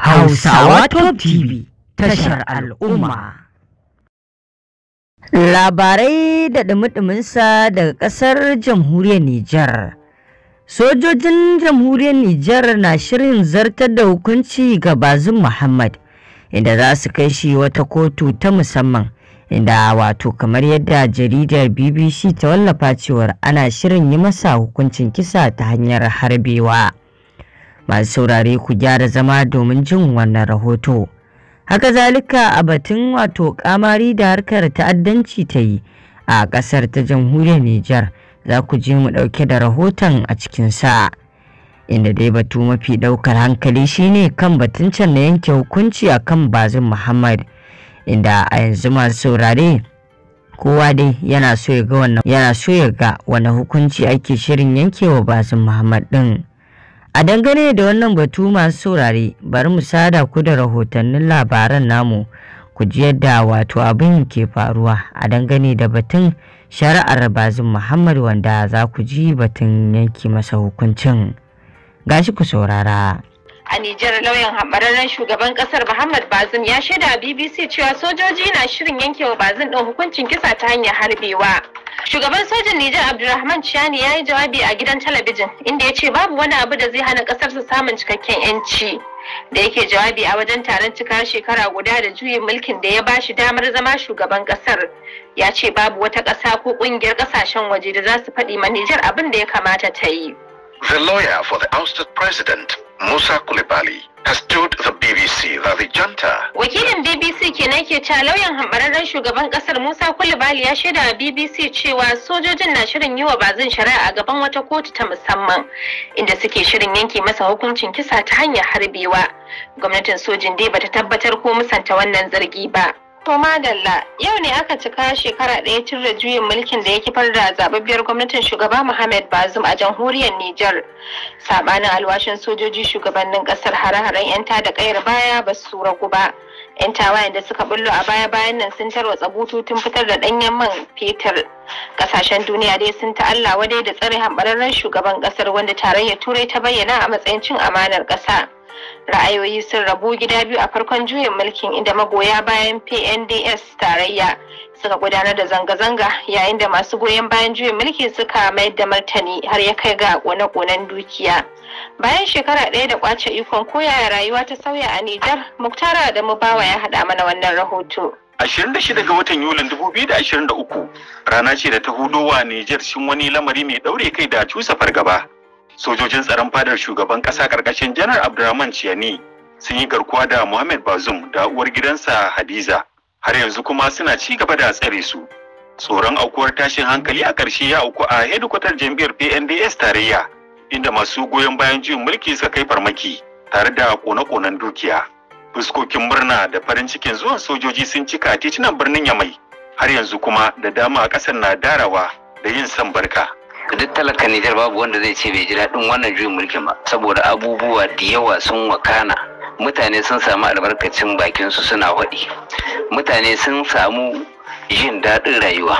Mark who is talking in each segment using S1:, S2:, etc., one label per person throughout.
S1: Hausawa Top TV tashar al'umma.
S2: Labarai da ɗumi-ɗuminsa daga ƙasar jamhuriyar Nijar. Sojojin jamhuriyar Nijar na shirin zartar da hukunci ga Bazin Muhammad inda za su kai shi wata kotu ta musamman inda wato kamar yadda jaridar BBC ta wallafa cewar ana shirin yi masa hukuncin kisa ta hanyar harbewa. masu saurare ku gyara zama domin jin wannan rahoto haka zalika a batun wato kamari da harkar ta'addanci ta yi a kasar ta jamhuriyar Nijar za ku je mu ɗauke da rahoton a cikin sa'a inda dai batu mafi ɗaukar hankali shine kan batun can na yanke hukunci a kan bazin muhammad inda a yanzu masu saurare kowa dai yana so ya ga wani hukunci ake shirin yankewa bazin muhammad ɗin. A dangane da wannan batu masu saurare, bari mu sada ku da rahotannin labaran namu ku ji yadda wato abin ke faruwa a dangane da batun shari'ar bazin Muhammad wanda za ku ji batun yanki masa hukuncin. Gashi ku saurara. a Nijar lauyan
S1: haɓararren shugaban ƙasar Muhammad Bazum ya shaida a BBC cewa sojoji na shirin yankewa Bazum ɗin hukuncin kisa ta hanyar harbewa. Shugaban sojin Nijar Abdulrahman Chiani ya yi jawabi a gidan talabijin inda ya ce babu wani abu da zai hana ƙasarsa samun cikakken 'yanci. Da yake jawabi a wajen taron cika shekara guda da juyin mulkin da ya bashi damar zama shugaban ƙasar. Ya ce babu wata ƙasa ko ƙungiyar ƙasashen waje da za su faɗi ma Nijar abin da ya kamata ta yi. The lawyer for the ousted president Musa Kulibali has told the BBC that the junta. Wakilin BBC kenan ke ca lauyan hambararren shugaban kasar Musa Kulibali ya shaida wa BBC cewa sojojin na shirin yi wa bazin shari'a a gaban wata kotu ta musamman inda suke shirin yanke masa hukuncin kisa ta hanyar harbewa. Gwamnatin sojin dai bata tabbatar ko musanta wannan zargi ba. To madalla yau ne aka cika shekara ɗaya tun da juyin mulkin da ya kifar da zababbiyar gwamnatin shugaba Muhammad Bazum a jamhuriyar Nijar. Sabanin alwashin sojoji shugabannin ƙasar hare-haren 'yan da ƙayar baya ba su ragu ba. 'Yan tawayen da suka bullo a baya-bayan nan sun tarwatsa tun fitar da ɗanyen man fetur. Ƙasashen duniya dai sun ta'alla wadai da tsare hambararren shugaban ƙasar wanda tarayyar Turai ta bayyana a matsayin cin amanar ƙasa. ra'ayoyi sun rabu gida biyu a farkon juyin mulkin inda magoya bayan pnds tarayya suka gudanar da zanga-zanga yayin da masu goyon bayan juyin mulki suka mayar da martani har ya kai ga kone-konen dukiya bayan shekara ɗaya da kwace ikon koya rayuwa ta sauya a nijar muktara da mubawa ya haɗa mana wannan rahoto 26 ga watan
S3: Yulin 2023 rana ce da ta hudowa Nijar shin wani lamari mai ɗaure kai da cusa fargaba sojojin tsaron fadar shugaban ƙasa ƙarƙashin janar abdurrahman ciyani sun yi garkuwa da muhammed bazum da uwar gidansa hadiza har yanzu kuma suna ci gaba da tsare su tsoron aukuwar tashin hankali a ƙarshe ya auku a hedikwatar jam'iyyar pnds tarayya inda masu goyon bayan juyin mulki suka kai farmaki tare da kone-konen dukiya fuskokin murna da farin cikin zuwan sojoji sun cika titunan birnin yamai har yanzu kuma da dama a ƙasar na darawa da yin san barka duk talaka Nijar babu wanda zai ce bai ji daɗin wannan juyin mulkin ba saboda abubuwa da yawa sun wakana mutane sun samu albarkacin bakinsu suna waɗi mutane sun samu yin daɗin rayuwa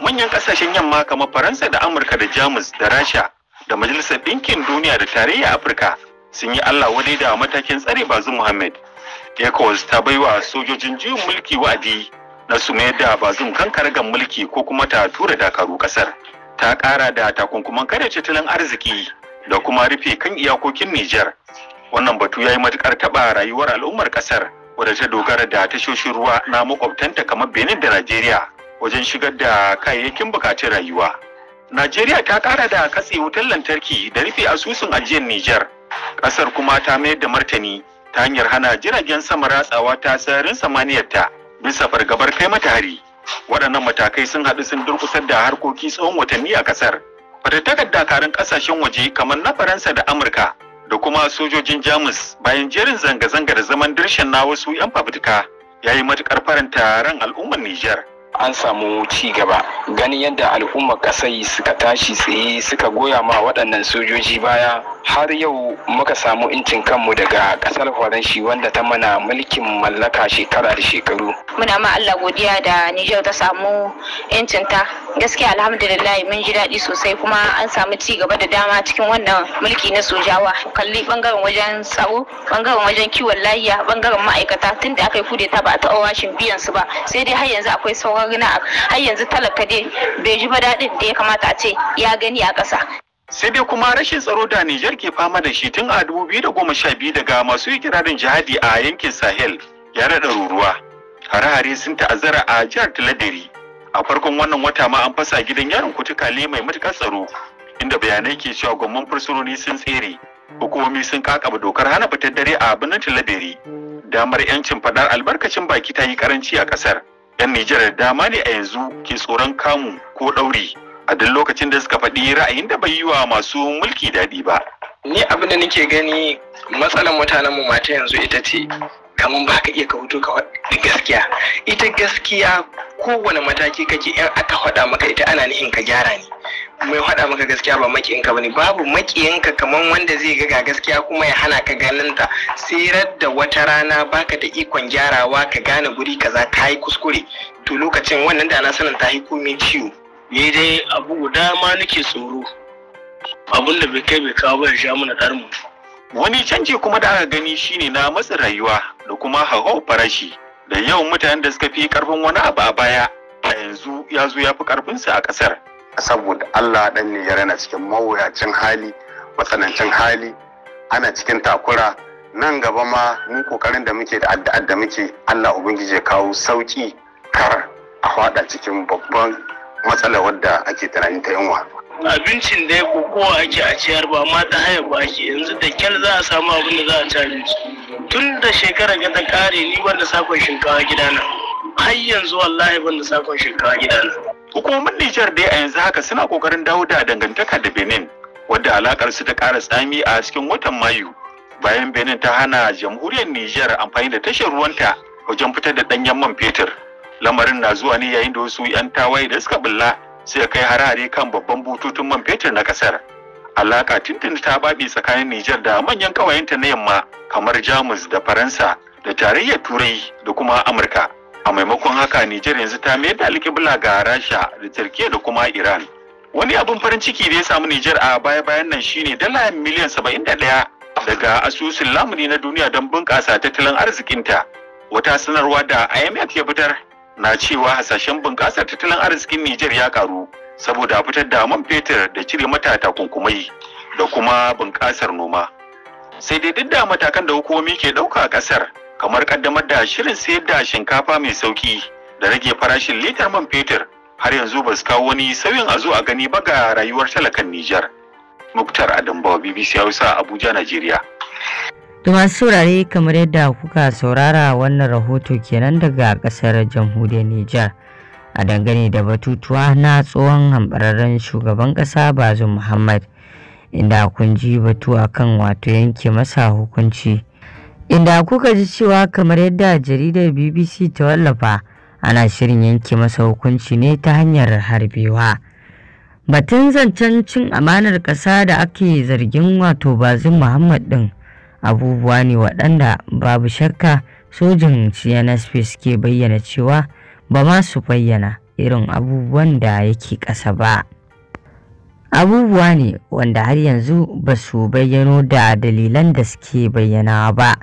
S3: manyan ƙasashen yamma kamar faransa da amurka da jamus da rasha da majalisar ɗinkin duniya da tarayya afirka sun yi allah wadai da matakin tsare bazu muhammad ecowas ta baiwa sojojin juyin mulki wa'adi na su mayar da bazum mulki ko kuma ta tura dakaru kasar ta ƙara da takunkuman kare tattalin arziki da kuma rufe kan iyakokin Nijar. Wannan batu ya yi matuƙar taɓa rayuwar al'ummar ƙasar wadda ta dogara da tashoshin ruwa na makwabtanta kamar Benin da Najeriya wajen shigar da kayayyakin bukatun rayuwa. Najeriya ta ƙara da katse wutar lantarki da rufe asusun ajiyar Nijar. Ƙasar kuma ta mayar da martani ta hanyar hana jiragen sama ratsawa ta sararin samaniyarta bisa fargabar kai mata hari. waɗannan matakai sun haɗu sun durkusar da harkoki tsawon watanni a ƙasar fatattakar dakarun ƙasashen waje kamar na faransa da amurka da kuma sojojin jamus bayan jerin zanga zanga da zaman dirshen na wasu 'yan fafutuka ya yi matuƙar faranta ran al'ummar nijar an samu ci gaba ganin yadda al'ummar kasai suka tashi tsaye suka goya ma waɗannan sojoji baya har yau muka samu incin kanmu daga ƙasar faranshi wanda ta mana mulkin mallaka shekara da shekaru
S1: muna ma Allah godiya da Nijar ta samu incin ta gaskiya alhamdulillah mun ji daɗi sosai kuma an samu ci gaba da dama cikin wannan mulki na sojawa kalli bangaren wajen tsaro bangaren wajen kiwon lafiya bangaren ma'aikata tunda aka yi kudeta ba a taɓa washin biyan su ba sai dai har yanzu akwai sauran wani har yanzu talaka dai bai ji ba daɗin da ya kamata a ce ya gani a ƙasa
S3: sai dai kuma rashin tsaro da Nijar ke fama da shi tun a goma sha biyu daga masu ikirarin jihadi a yankin Sahel ya naɗa ruruwa. Hare-hare sun ta'azzara a jihar Tiladiri. A farkon wannan wata ma an fasa gidan yaron kutukale mai matuƙar tsaro, inda bayanai ke cewa gwamman fursunoni sun tsere. Hukumomi sun kakaba dokar hana fitar dare a birnin Tiladiri. Damar 'yancin faɗar albarkacin baki ta yi karanci a ƙasar. 'yan Nijar da dama ne a yanzu ke tsoron kamu ko ɗauri a duk lokacin da suka faɗi ra'ayin da bai yi wa masu mulki daɗi ba. Ni abin da nake gani matsalar mutanen mu mata yanzu ita ce kamar ba ka iya ka hutu ka gaskiya. Ita gaskiya kowane mataki kake in aka hada maka ita ana nihin ka gyara ne mai haɗa maka gaskiya ba ba bane babu ka kaman wanda zai ga gaskiya kuma ya hana ka ganin ta sirar da wata rana baka da ikon gyarawa ka gane guri kaza ka yi kuskure to lokacin wannan da na sanin ta yi ciwo ni dai abu guda ma nake tsoro abun da bai kai bai kawo ba ya sha mana tarmu wani canji kuma da aka gani shine na matsin rayuwa da kuma hawa farashi da yawan mutanen da suka fi karfin wani abu a baya a yanzu ya zo ya fi sa a kasar saboda allah dan ya rana cikin mawuyacin hali matsanancin hali ana cikin takura nan gaba ma mu kokarin da muke da addu'ar da muke allah ubangiji ya kawo sauki kar a faɗa cikin babban matsala wadda ake tunanin ta yunwa abincin da ya kokowa ake a ciyar ba ma ta haya ba ake yanzu da kyal za a samu abin da za a ci abinci tun da shekarar ga ta kare ni wanda sakon shinkawa gidana har yanzu wallahi wanda sakon shinkawa gidana hukumomin Nijar dai a yanzu haka suna kokarin dawo da dangantaka da Benin wadda alakar su ta ƙara tsami a cikin watan Mayu bayan Benin ta hana jamhuriyar Nijar amfani da tashar ruwanta wajen fitar da ɗanyen man fetur lamarin na zuwa ne yayin da wasu 'yan tawaye da suka bulla sai kai harare kan babban bututun man fetur na ƙasar alaka Tintin ta babi tsakanin Nijar da manyan kawayenta na yamma kamar Jamus da Faransa da tarayyar Turai da kuma Amurka. A maimakon haka Nijar yanzu ta mayar da alƙibla ga Rasha da Turkiya da kuma Iran. Wani abin farin ciki da ya samu Nijar a baya-bayan nan shine dala miliyan 71 daga asusun lamuni na duniya don bunƙasa tattalin arzikinta. Wata sanarwa da IMF ya fitar na cewa hasashen bunƙasar tattalin arzikin Nijar ya karu saboda fitar da man fetur da cire mata takunkumai da kuma bunƙasar noma. Sai dai duk da matakan da hukumomi ke ɗauka a ƙasar kamar ƙaddamar da shirin sayar da shinkafa mai sauƙi da rage farashin litar man fetur har yanzu ba su kawo wani sauyin a zo a gani ba ga rayuwar talakan Nijar. Muktar Adambawa BBC Hausa Abuja, Najeriya.
S2: Tuma saurare kamar yadda kuka saurara wannan rahoto kenan daga ƙasar jamhuriyar Nijar. a dangane da batutuwa na tsohon hambararren shugaban ƙasa Bazu muhammad inda kun ji batu a kan wato yanke masa hukunci inda kuka ji cewa kamar yadda jaridar bbc ta wallafa ana shirin yanke masa hukunci ne ta hanyar harbewa batun zancen cin amanar ƙasa da ake zargin wato Bazu muhammad ɗin abubuwa ne waɗanda babu shakka sojin cns suke bayyana cewa ba ma su bayyana irin abubuwan da yake ƙasa ba. Abubuwa ne wanda har yanzu ba su bayyano da dalilan da suke bayyana ba.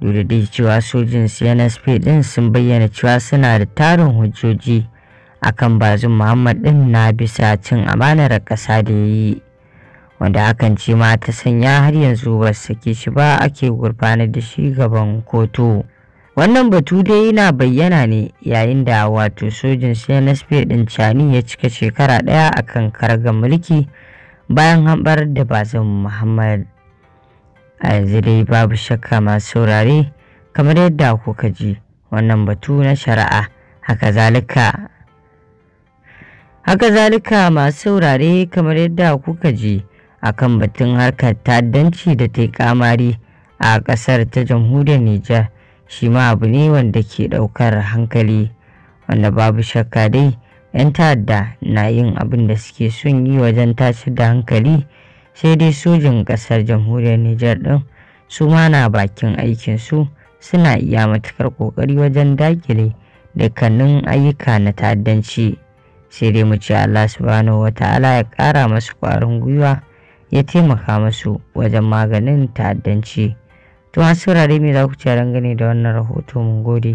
S2: Duk da dai cewa sojin CNSP din sun bayyana cewa suna da tarin hujjoji akan bazin Muhammad din na bisa cin amanar ƙasa da ya yi. Wanda hakan ce ma ta sanya har yanzu ba su sake shi ba ake gurfanar da shi gaban kotu. wannan batu dai yana bayyana ne yayin da wato sojin cnsp din chani ya cika shekara ɗaya a kan kargar mulki bayan hambar da bazin muhammad a yanzu dai babu shakka masu saurare kamar yadda kuka ji wannan batu na shari'a haka zalika haka zalika masu saurare kamar yadda kuka ji akan batun harkar ta'addanci da ta kamari a ƙasar ta jamhuriyar nijar shi ma abu ne wanda ke ɗaukar hankali wanda babu shakka dai 'yan ta'adda na yin abin da suke son yi wajen tashar da hankali sai dai sojin ƙasar jamhuriyar niger ɗin su ma na bakin aikin su suna iya matuƙar ƙoƙari wajen dakile dukkanin ayyuka na ta'addanci sai dai mu ce Allah subhanahu ta'ala ya ƙara masu ƙwarin gwiwa ya taimaka masu wajen maganin ta'addanci. to an saurare me za ku ce dangane da wannan rahoto mun gode